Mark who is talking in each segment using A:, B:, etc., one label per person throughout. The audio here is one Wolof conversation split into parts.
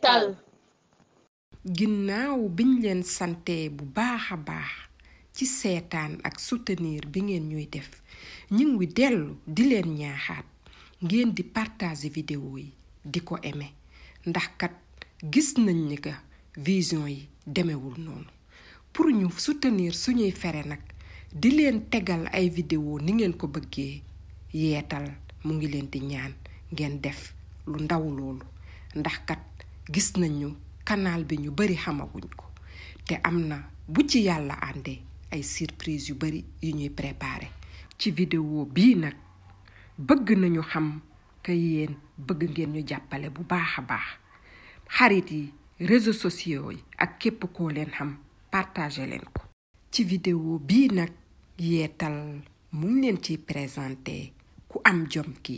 A: tal ginnaaw biñ leen sante bu baaxa baax ci seetaan ak soutenir bi ngeen ñuy def ñu ngi dellu di leen ñaaxaat ngeen di partager vidéo yi di ko eme ndax kat gis nañ ni ka vision yi demewul noonu pour ñu soutenir suñuy fere nag di leen tegal ay video ni ngeen ko bëggee yeetal mu ngi leen di ñaan ngeen def lu ndaw loolu ndax gis nañu canal bi ñu bari xamaguñ ko te am na bu ci yàlla àndee ay surprise yu bari yu ñuy préparé ci vidéo bii nag bëgg nañu xam que yéen bëgg ngeen ñu jàppale bu baax a baax xarit yi réseaux sociaux yi ak képp koo leen xam partage leen ko ci vidéo bii nag yeetal mu leen ciy présenté ku am jom ki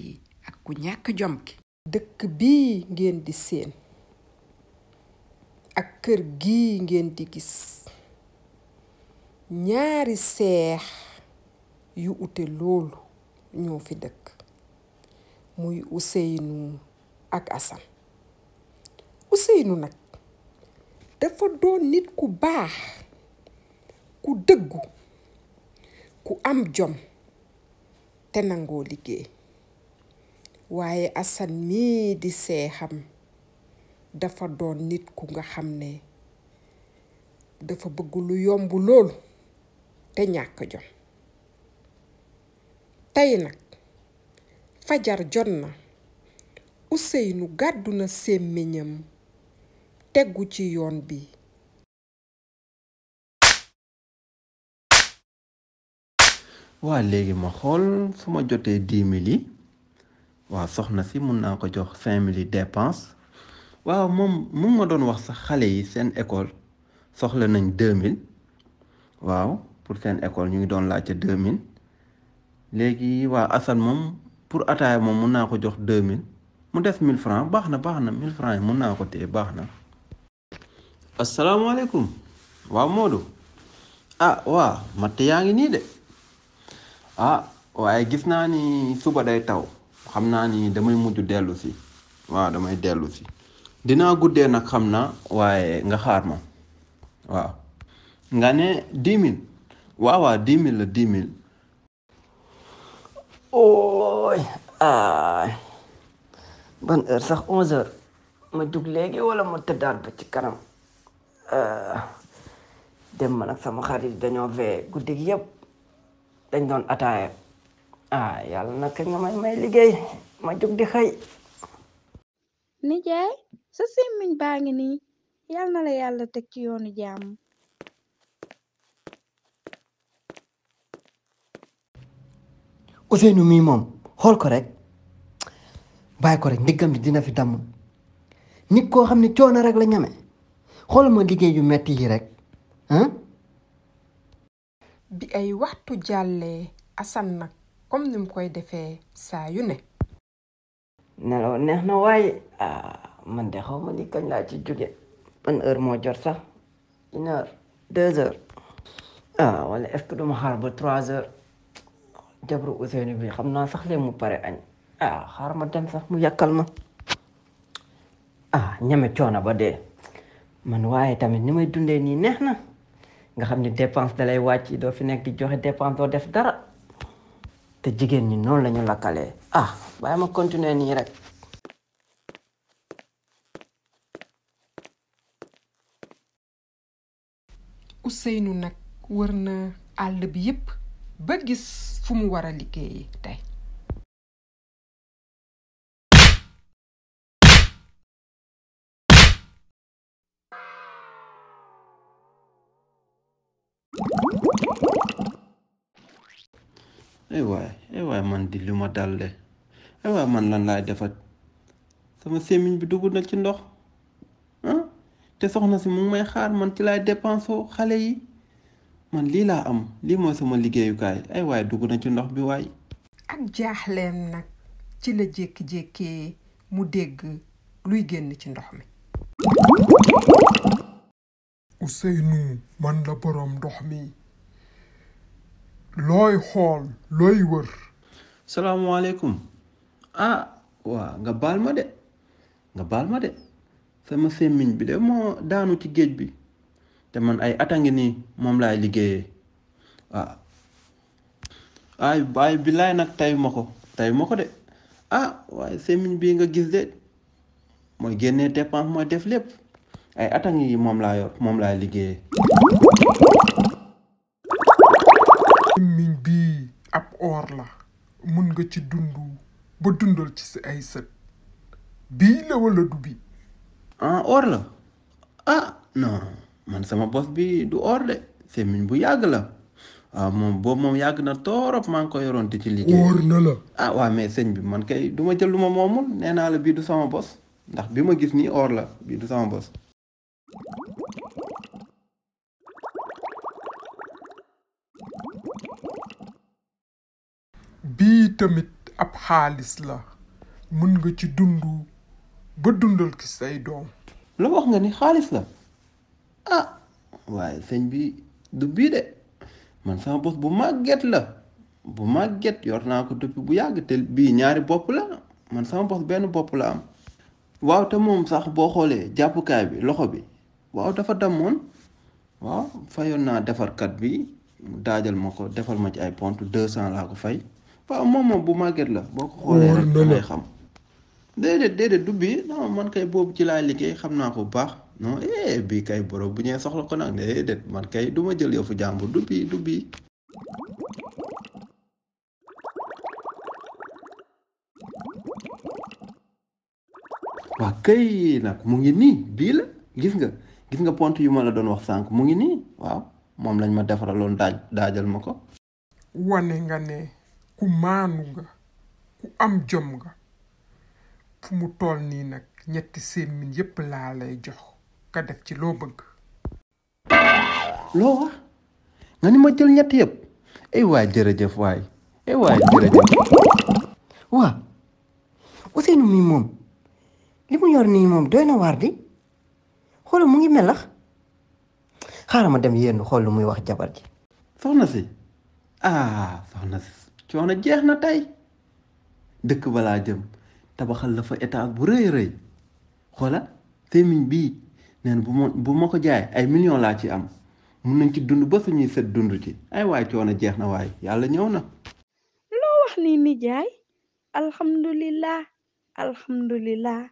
A: ak ku ñàkk jom ki dëkk bii ngeen di seen ak kër gi ngeen di gis ñaari seex yu ute loolu ñoo fi dëkk muy Ousseynu ak Assane Ousseynu nag dafa doon nit ku baax ku dëggu ku am jom te nangoo liggéey waaye Assane mii di seexam dafa doon nit ku nga xam ne dafa bëgg lu yomb lool te ñàkk jom tey nag fajar jot na Ousseynou gàddu na sémmiñam tegu ci yoon bi
B: waa léegi ma xool su ma jotee dix mille waa soxna si mun naa ko jox cinq mille waaw moom mu ma doon wax sax xale yi seen école soxla nañ mille waaw pour seen école ñu ngi doon laajte 2000 léegi waa Assane moom pour ataaya moom mun naa ko jox mille mu def 1000 francs baax na baax na 1000 francs yi mun naa ko téye baax na. asalaamaaleykum waaw Modou ah waa matt yaa ngi nii de ah waaye gis naa ni suba day taw xam naa ni damay mujj dellu si waaw damay dellu si. dinaa guddee nag xam na waaye nga xaar ma waaw nga ne dix mille waaw waaw mille la dix mille
A: ooy aay ban heure sax onze heures ma jug léegi wala ma tëddaat ba ci kanam dem ma nag sama xarit dañoo vee guddi gi yëpp dañ doon ataaya ah yàlla nag nga may may liggéey ma jug di xëy nijaay sa semmiñ baa ngi nii yal na la yàlla teg ci yoonu jàmm
C: Ousseynou mii moom
A: xool ko rek bàyyi ko rek ndiggam bi dina fi damm nit koo xam ne coono rek la ñame xool ma liggéey yu metti yi rek bi ay waxtu jàllee Assane nag comme ni mu koy defee saa yu ne neex na waaye ah. man de xaw ma ni kañ laa ci jóge ban heure moo jot sax une heure deux heures ah wala est ce que duma xaar ba trois heures jabru Ousseynou bi xam naa sax lee mu pare añ ah xaar ma dem sax mu yàkkal ma ah ñame coono ba dee man waaye tamit ni may dundee nii neex na nga xam ne dépense da lay wàcc doo fi nekk di joxe dépense doo def dara te jigéen ñi noonu lañu ñu lakkalee ah, ma continuer nii rek Ousseynou nag wër na àll bi yépp ba gis fu mu war a liggéeyi tey ay
B: eh waay ay eh waay man di lu ma dal de ay eh waay man lan laay defat sama sémmiñ bi dugg na ci ndox te soxna si mu ngi may xaar man ci laay dépensoo xale yi man lii laa am lii mooy sama liggéeyukaay ay waaye dugg na ci ndox bi waay
A: ak jaaxleem nag ci la jékki-jékkee mu dégg luy génn ci ndox mi
C: Ousseynou man la boroom ndox
B: mi looy xool looy wër salaamaaleykum ah waa nga baal ma de nga baal ma de sama semmiñ bi de moo daanu ci géej bi te man ay ata nii moom laay liggéeyee waaw ay ay billaay nag tay ma ko tay ko de ah waaye semmiñ bii nga gis de mooy génnee dépense mooy def lépp ay ata moom laa yor moom laay liggéeyee semmiñ bii ab or la mun nga ci
C: dund ba dundal ci ay sët bii la wala du bi
B: ah or la ah non man sama bos bi du or de semaine bu yàgg la waaw ah, moom boobu moom yàgg na torop maa ngi ko yoroon ci liggéey. wóor na la. ah waaw mais sëñ bi man kay du ma jël lu ma moomul nee la bii du sama bos ndax bi ma gis nii or la bii du sama bos.
C: bii tamit ab xaalis la mën nga ci dundu. ba dundal ki say doom
B: la wax nga ni xaalis la ah waaye sëñ bi du bii de man sama bos bu màgget la bu màgget yor naa ko depuis bu yàgg te bii ñaari bopp la man sama bos benn bopp la am waaw te moom sax boo xoolee jàppukaay bi loxo bi waaw dafa dammoon waaw fayoon naa defarkat bi daajal ma ko defal ma ci ay pont deux cent laa ko fay waaw moom moom bu màgget la boo ko xoolee rek damay xam déedéet déedéet du bii non man kay boobu ci laa liggéey xam naa ko bu baax non eh, bii kay borom bu ñee soxla ko nag déedéet man kay du ma jël yëfu jàmbur du bii du bii. waa kay nag mu ngi nii bii la gis nga gis nga pont yu ma la doon wax sànq mu ngi nii waaw moom lañ ma defaraloon daaj daajal ma ko.
C: wane nga ne ku maanu nga ku am jom nga. fu mu tool nii nag ñetti sémmiñ yépp laa lay jox ka def ci loo bëgg
B: loo wax nga ni ma jël ñetti yëpp ay eh waay jërëjëf waay ay eh waay jërëjëf
A: waa moom li mu yor nii moom doy na waar di
B: xoolal mu ngi melax xaaral ma dem yenn xool muy wax jabar ji soxna si ah soxna si coono jeex na tey dëkk balaa jëm tabaxal la fa état bu rëy rëy xoola féminin bii neen bu ma ko jaay ay million laa ci am mun nañ ci dund ba suñuy set dund ci ay waay coono jeex na waay yàlla ñëw na
A: loo wax ni nijaay alhamdulilah alhamdulilah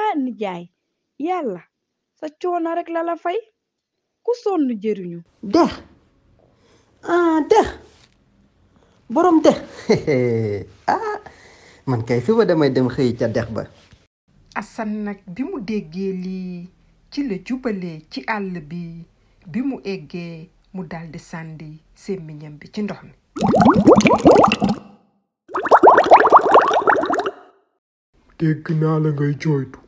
A: ah nijaay yàlla sa coono rek la la fay ku sonn jëriñu dex ah dex borom dex
B: ah man kay suba damay dem xëy ca dex ba
A: Assane nag bi mu déggee lii ci la jubalee ci àll bi bi mu eggee mu daldi sàndi sémmiñam bi ci ndox mi
C: dégg naa la ngay jooytu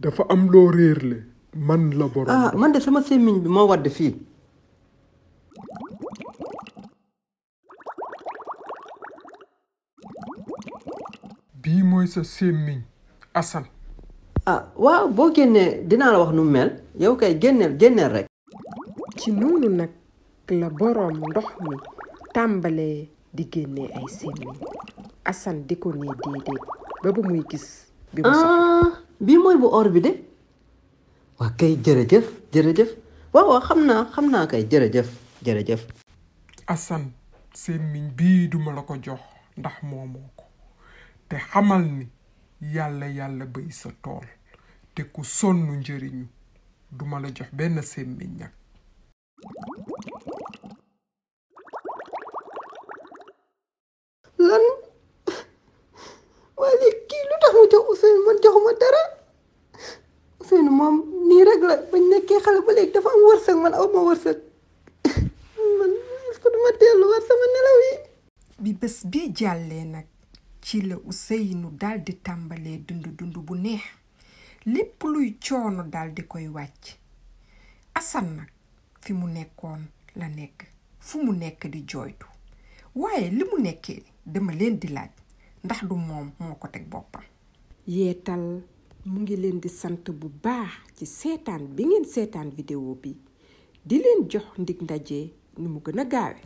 C: dafa am loo réerle man la borom ah, man de sama sémmiñ bi moo wadd fii bii mooy sa sémmiñ Assane ah, waaw boo
B: génnee dinaa la wax nu mel yow kay génneel génneel rek
C: ci noonu nag
A: la boroom ndox mi tàmbalee di génnee ay sémmiñ Assane di ko ne déedéet ba bu muy gis bi mu soxla ah, mooy bu or bi de
B: waa kay jërëjëf jërëjëf waaw waaw xam naa xam naa kay jërëjëf jërëjëf
C: Assane sémmiñ bii duma la ko jox ndax moomoo te xamal ni yàlla yàlla béy sa tool te ku sonn njëriñu duma la jox benn semmiñ nag lan
A: waaye léegi lu tax mu jox Ousseynou man joxuma dara moom nii rek la bañ nekkee xale ba léegi dafa am wërsëg man aw wërsëg man est-ce que duma delluwaat sama nelaw yi bi bés bii jàllee nag ci la Ousseynou dal di tàmbalee dund dund bu neex lépp luy coono daldi koy wàcc Assane nag fi mu nekkoon la nekk fu mu nekk di jooytu waaye li mu nekkee dama leen di laaj ndax du moom moo ko teg boppam yeetal mu ngi leen di sant bu baax ci seetaan bi ngeen seetaan vidéo bi di leen jox ndig ndaje nu mu gën a gaawe